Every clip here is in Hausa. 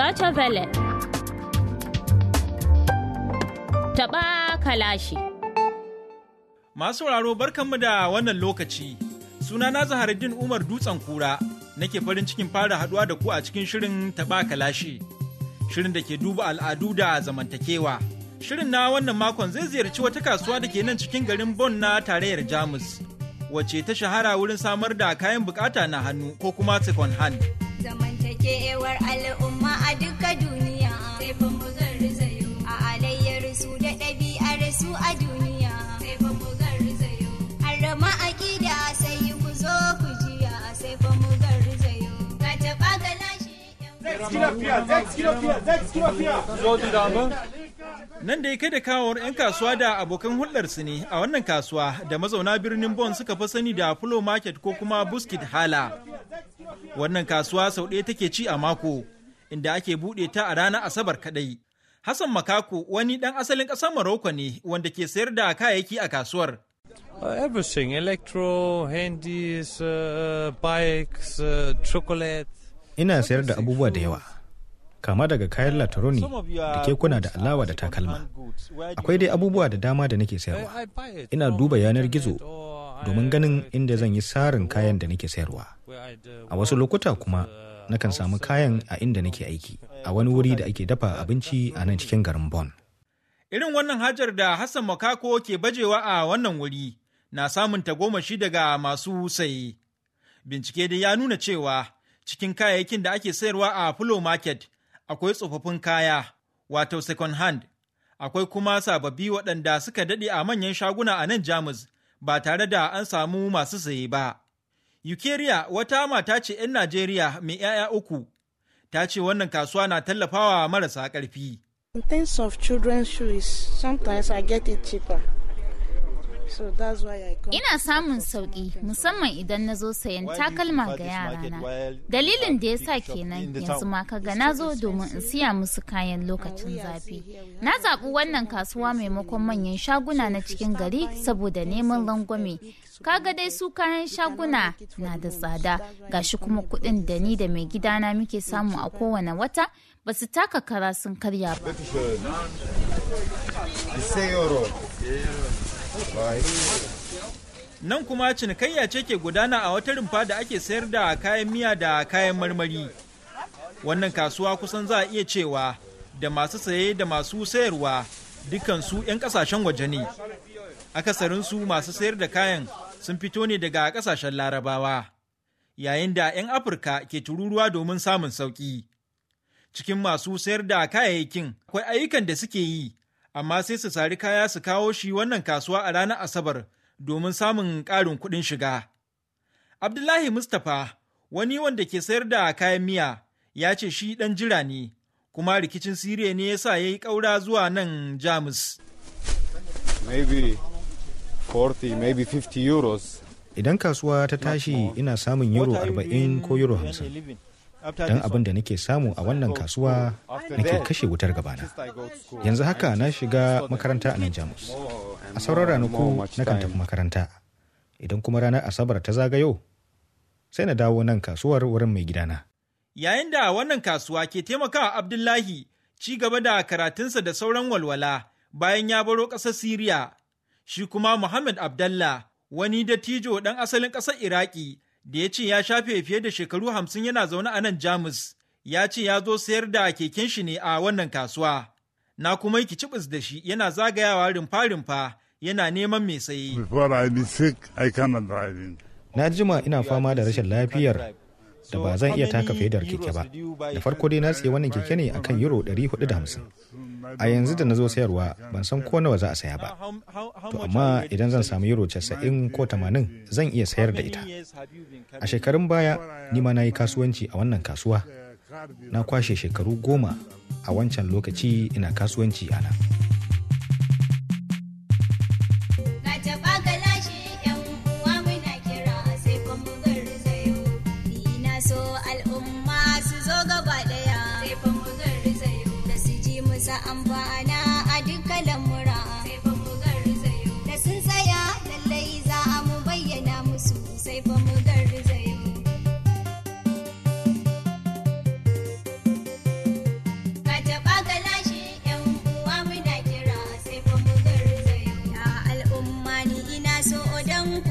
Deutsche Welle. Taɓa kalashi. Masu sauraro barkanmu da wannan lokaci. Sunana Zaharuddin Umar Dutsen Kura nake farin cikin fara haɗuwa da ku a cikin shirin taba kalashi. Shirin da ke duba al'adu da zamantakewa. Shirin na wannan makon zai ziyarci wata kasuwa da ke nan cikin garin Bon na tarayyar Jamus. Wace ta shahara wurin samar da kayan bukata na hannu ko kuma second hand. kewar al'umma a duka duniya a alayyar su da ɗabi'ar su a duniya a aƙida sai ku zo ku jiya sai ba mu rizayo. ga taɓa ga lashi Nan da ya kai da kawar 'yan kasuwa da abokan hulɗarsu ne a wannan kasuwa da mazauna birnin Bon suka fi sani da Flow Market ko kuma Buskit Hala. Wannan kasuwa sau ɗaya take ci a mako, inda ake buɗe ta a ranar Asabar kaɗai. Hassan Makako wani ɗan asalin ƙasar Morocco ne wanda ke sayar da kayayyaki a kasuwar. Uh, everything electro, handies, uh, bikes, uh, chocolate. Ina sayar da abubuwa da yawa. Kama daga kayan latroni da kekuna da alawa da takalma. Akwai dai abubuwa da dama da nake sayarwa. Ina duba yanar gizo domin ganin inda zan yi sarin kayan da nake sayarwa a wasu lokuta kuma nakan samu kayan a inda nake aiki a wani wuri da ake dafa abinci a nan cikin garin bon irin wannan hajar da hassan makako ke bajewa a wannan wuri na samun tagomashi daga masu saye bincike dai ya nuna cewa cikin kayayyakin da ake sayarwa a fulo market akwai tsofaffin kaya wato second hand akwai kuma sababbi waɗanda suka daɗe a manyan shaguna a nan jamus ba tare da an samu masu saye ba. Yukeriya wata mata ce 'yan Najeriya mai 'ya'ya uku, ta ce wannan kasuwa na tallafawa marasa ƙarfi. In terms of children's shoes, sometimes I get it cheaper. Ina samun sauƙi musamman idan na zo sayan takalma ga yarana. Dalilin da ya sa kenan yanzu ma kaga na zo domin in eh? siya musu kayan lokacin zafi. Na zaɓi wannan kasuwa maimakon manyan shaguna na cikin gari saboda neman rangwame. Kaga dai su kayan shaguna na da tsada gashi kuma kuɗin da ni da mai gidana muke samu a kowane wata ba su taka kara sun karya ba. Nan kuma cinikayya ce ke gudana a wata rumfa da ake sayar da kayan miya da kayan marmari. Wannan kasuwa kusan za a iya cewa da masu saye da masu sayarwa dukansu 'yan kasashen waje ne. Akasarinsu masu sayar da kayan sun fito ne daga kasashen larabawa. Yayin da 'yan Afirka ke tururuwa domin samun sauƙi. Cikin masu sayar da kayayyakin akwai ayyukan da suke yi amma sai su sari kaya su kawo shi wannan kasuwa a ranar Asabar domin samun ƙarin kuɗin shiga. Abdullahi Mustapha, wani wanda ke sayar da kayan miya, ya ce shi ɗan jira ne, kuma rikicin Siriya ne ya sa ya yi ƙaura zuwa nan Jamus. Maybe 40, maybe 50 euros. Idan kasuwa ta tashi ina samun euro 40 ko euro 50. don abin da nake samu a wannan kasuwa nake kashe wutar gabana yanzu haka na shiga makaranta a nan jamus oh, a sauran ranaku nakan tafi makaranta idan kuma ranar asabar ta zagayo sai na dawo nan kasuwar wurin mai gidana yayin da wannan kasuwa ke taimakawa abdullahi ci gaba da karatunsa da sauran walwala bayan ya baro ƙasar siriya shi kuma muhammad abdallah wani dattijo ɗan asalin ƙasar iraki da ya ce ya shafe fiye da shekaru hamsin yana zaune a nan Jamus, ya ce ya zo sayar da keken shi ne a wannan kasuwa. Na kuma yi cibis da shi yana zagayawa rumfa-rumfa yana neman mai saye. Na jima ina fama da rashin lafiyar da ba zan iya taka fedar keke ba da farko dai na tsaye wannan keke ne akan euro 450 a yanzu da na zo sayarwa ban san ko nawa za a saya ba to amma idan zan samu euro 90 ko 80 zan iya sayar da ita a shekarun baya ni ma na yi kasuwanci a wannan kasuwa na kwashe shekaru goma a wancan lokaci ina kasuwanci a nan.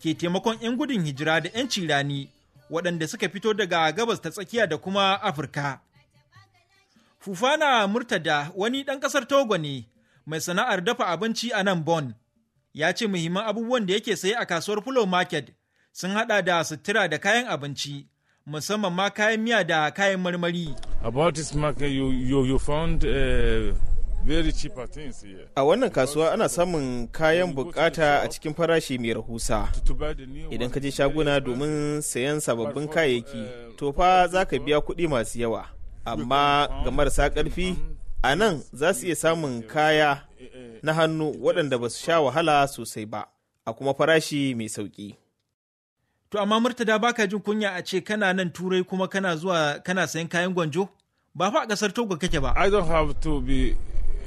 ke taimakon 'yan gudun hijira da 'yan cirani waɗanda suka fito daga gabas ta tsakiya da kuma Afirka. Fufana Murtada wani ɗan ƙasar Togo ne mai sana'ar dafa abinci a nan Bon. Ya ce muhimman abubuwan da yake saye a kasuwar Fulo Market sun haɗa da sutura da kayan abinci, musamman ma kayan miya da kayan marmari. About this market you, you, you found uh... very cheaper things here. A wannan kasuwa ana samun kayan bukata a cikin farashi mai rahusa. Idan ka je shaguna domin sayan sababbin kayayyaki, uh, to fa uh, za ka biya kuɗi masu yawa. Amma ga marasa ƙarfi, a nan za su iya samun kaya na hannu waɗanda ba su sha wahala sosai ba, a kuma farashi mai sauƙi. To amma Murtada baka jin kunya a ce kana nan turai kuma kana zuwa kana sayan kayan gwanjo? Ba fa a ƙasar Togo kake ba. I don't have to be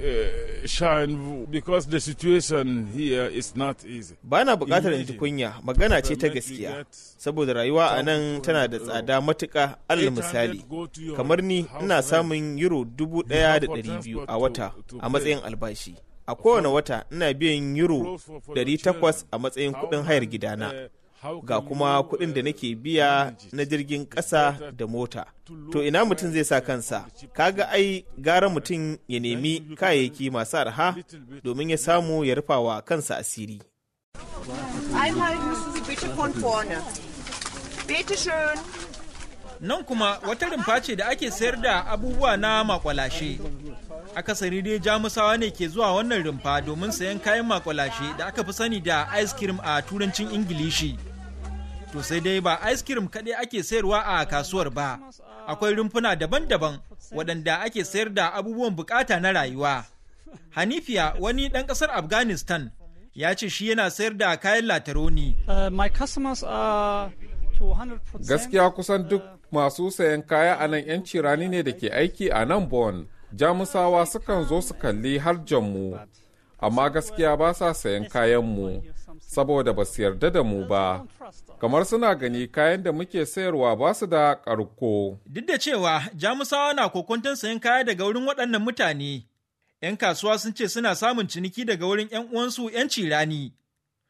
Uh, shine because the situation here is not easy. Ba na bukatar ji kunya magana ce ta gaskiya saboda rayuwa a nan tana da uh, tsada matuka alal misali kamar ni ina samun euro dubu ɗaya da ɗari biyu a wata a matsayin albashi. A kowane wata ina biyan euro dari takwas a matsayin kuɗin hayar gidana. Uh, ga kuma kuɗin da nake biya na jirgin ƙasa da mota to ina mutum zai sa kansa kaga ai gara mutum ya nemi kayayyaki masu arha domin ya samu ya rufa wa kansa asiri nan kuma wata rumfa ce da ake sayar da abubuwa na makwalashe akasari dai jamusawa ne ke zuwa wannan rumfa domin sayan kayan makwalashe da aka fi sani da ice cream a turancin ingilishi To sai dai ba ice cream kaɗai ake sayarwa a kasuwar ba, akwai rumfuna daban-daban waɗanda ake sayar da abubuwan bukata na rayuwa. Hanifiya wani ɗan ƙasar Afghanistan ya ce shi yana sayar da kayan lataroni. Uh, Gaskiya kusan duk masu sayan kaya a nan 'yan cirani ne da ke aiki a nan Bon. Jamusawa sukan zo su kalli har jammu amma gaskiya ba sa sayan kayanmu saboda ba su yarda da mu ba kamar suna gani kayan da muke sayarwa ba su da ƙarko. Duk da cewa jamusawa na kokuntun sayan kaya daga wurin waɗannan mutane, 'yan kasuwa sun ce suna samun ciniki daga wurin 'yan uwansu 'yan cirani.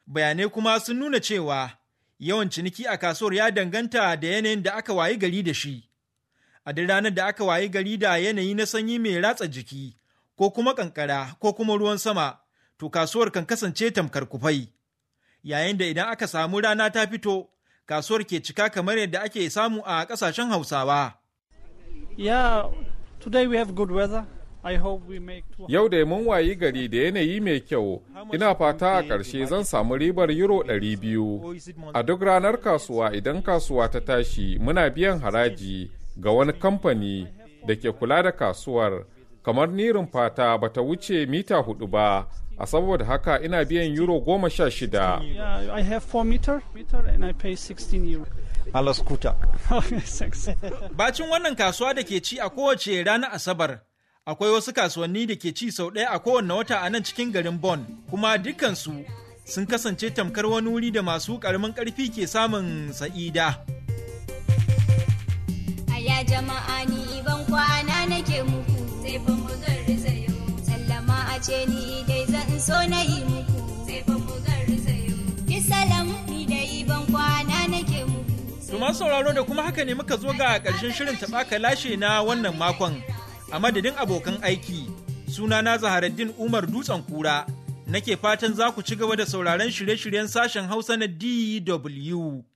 Bayanai kuma sun nuna cewa yawan ciniki a kasuwar ya danganta da yanayin da aka wayi gari da shi. A duk ranar da aka wayi gari da yanayi na sanyi mai ratsa jiki, ko kuma kankara, ko kuma ruwan sama, to kasuwar kan kasance tamkar kufai. Yayin da idan aka samu rana ta fito, kasuwar ke cika kamar yadda ake samu a kasashen Hausawa. Yau da mun wayi gari da yanayi mai kyau, ina fata a ƙarshe zan samu ribar euro biyu A duk ranar kasuwa idan kasuwa ta tashi muna biyan haraji ga wani kamfani da ke kula da kasuwar, kamar nirin fata bata wuce mita hudu ba, a saboda haka ina biyan euro goma sha shida. I Bacin wannan kasuwa da ke ci a kowace ranar Asabar, akwai wasu kasuwanni da ke ci sau ɗaya a kowane wata a nan cikin garin Bon, kuma dukansu sun kasance tamkar wani wuri da masu karamin karfi ke samun sa'ida. Aya jama'a ni ban kwana nake muku, sai ban sallama a ce ni dai so na yi sauraro da kuma haka ne muka zo ga ƙarshen shirin taɓa ka lashe na wannan makon a madadin abokan aiki suna sunana zaharaddin umar dutsen kura nake fatan za ku ci gaba da sauraron shirye-shiryen sashen hausa na dw